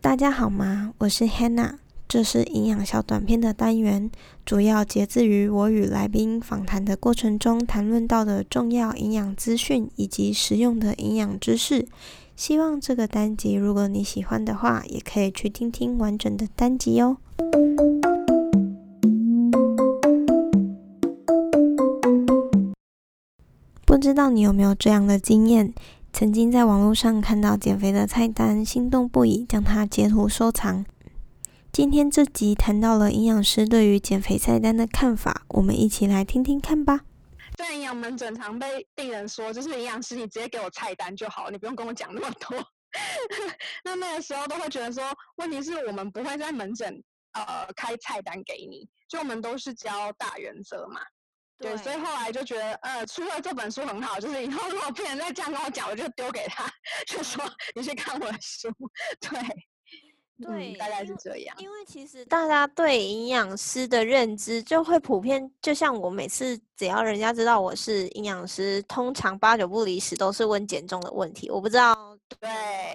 大家好嗎？我是 Hannah，這是營養小短片的單元，主要節自於我與來賓訪談的過程中談論到的重要營養資訊以及實用的營養知識。希望這個單集，如果你喜歡的話，也可以去聽聽完整的單集哦。不知道你有沒有這樣的經驗？曾經在網絡上看到減肥的菜單，心動不已，將它截圖收藏。今天這集談到了營養師對於減肥菜單的看法，我們一起來聽聽看吧。在營養門診，常被病人說：“就是營養師，你直接給我菜單就好，你不用跟我講那麼多。 ”那那個時候都會覺得說，問題是我們不會在門診呃開菜單給你，就我們都是教大原則嘛。對，對，所以後來就覺得，呃，出了這本書很好，就是以後如果別人再這樣跟我講，我就丟給他，就說、嗯、你去看我的書。對，對，嗯、大概是這樣。因為，因為其實大家對營養師的認知就會普遍，就像我每次只要人家知道我是營養師，通常八九不離十都是問減重的問題。我不知道，對。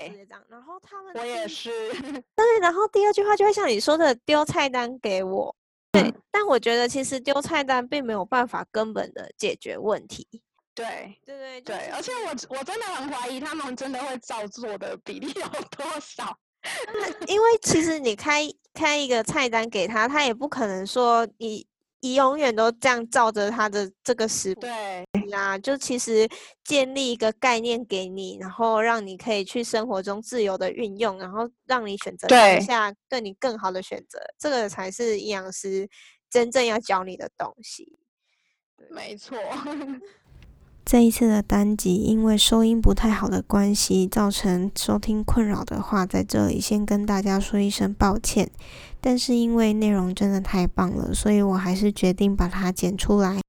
對，然後他們，我也是。對，然後第二句話就會像你說的，丟菜單給我。嗯、對，但我覺得其實丟菜單並沒有辦法根本的解決問題。對，對對對，對，而且我我真的很懷疑他們真的會照做的比例有多少？因為其實你開開一個菜單給他，他也不可能說你。你永遠都這樣照着他的這個食譜、啊，那就其實建立一個概念給你，然後讓你可以去生活中自由的運用，然後讓你選擇一下對你更好的選擇，這個才是營養師真正要教你的東西。沒錯。 這一次的單集，因為收音不太好的關係，造成收聽困擾的話，在這裡先跟大家說一聲抱歉。但是因為內容真的太棒了，所以我還是決定把它剪出來，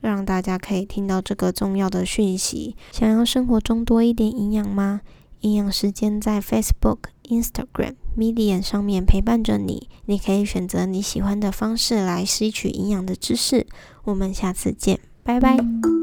讓大家可以聽到這個重要的訊息。想要生活中多一點營養嗎？營養食間在 Facebook、Instagram、Medium 上面陪伴着你，你可以選擇你喜歡的方式來吸取營養的知識。我們下次見，拜拜。嗯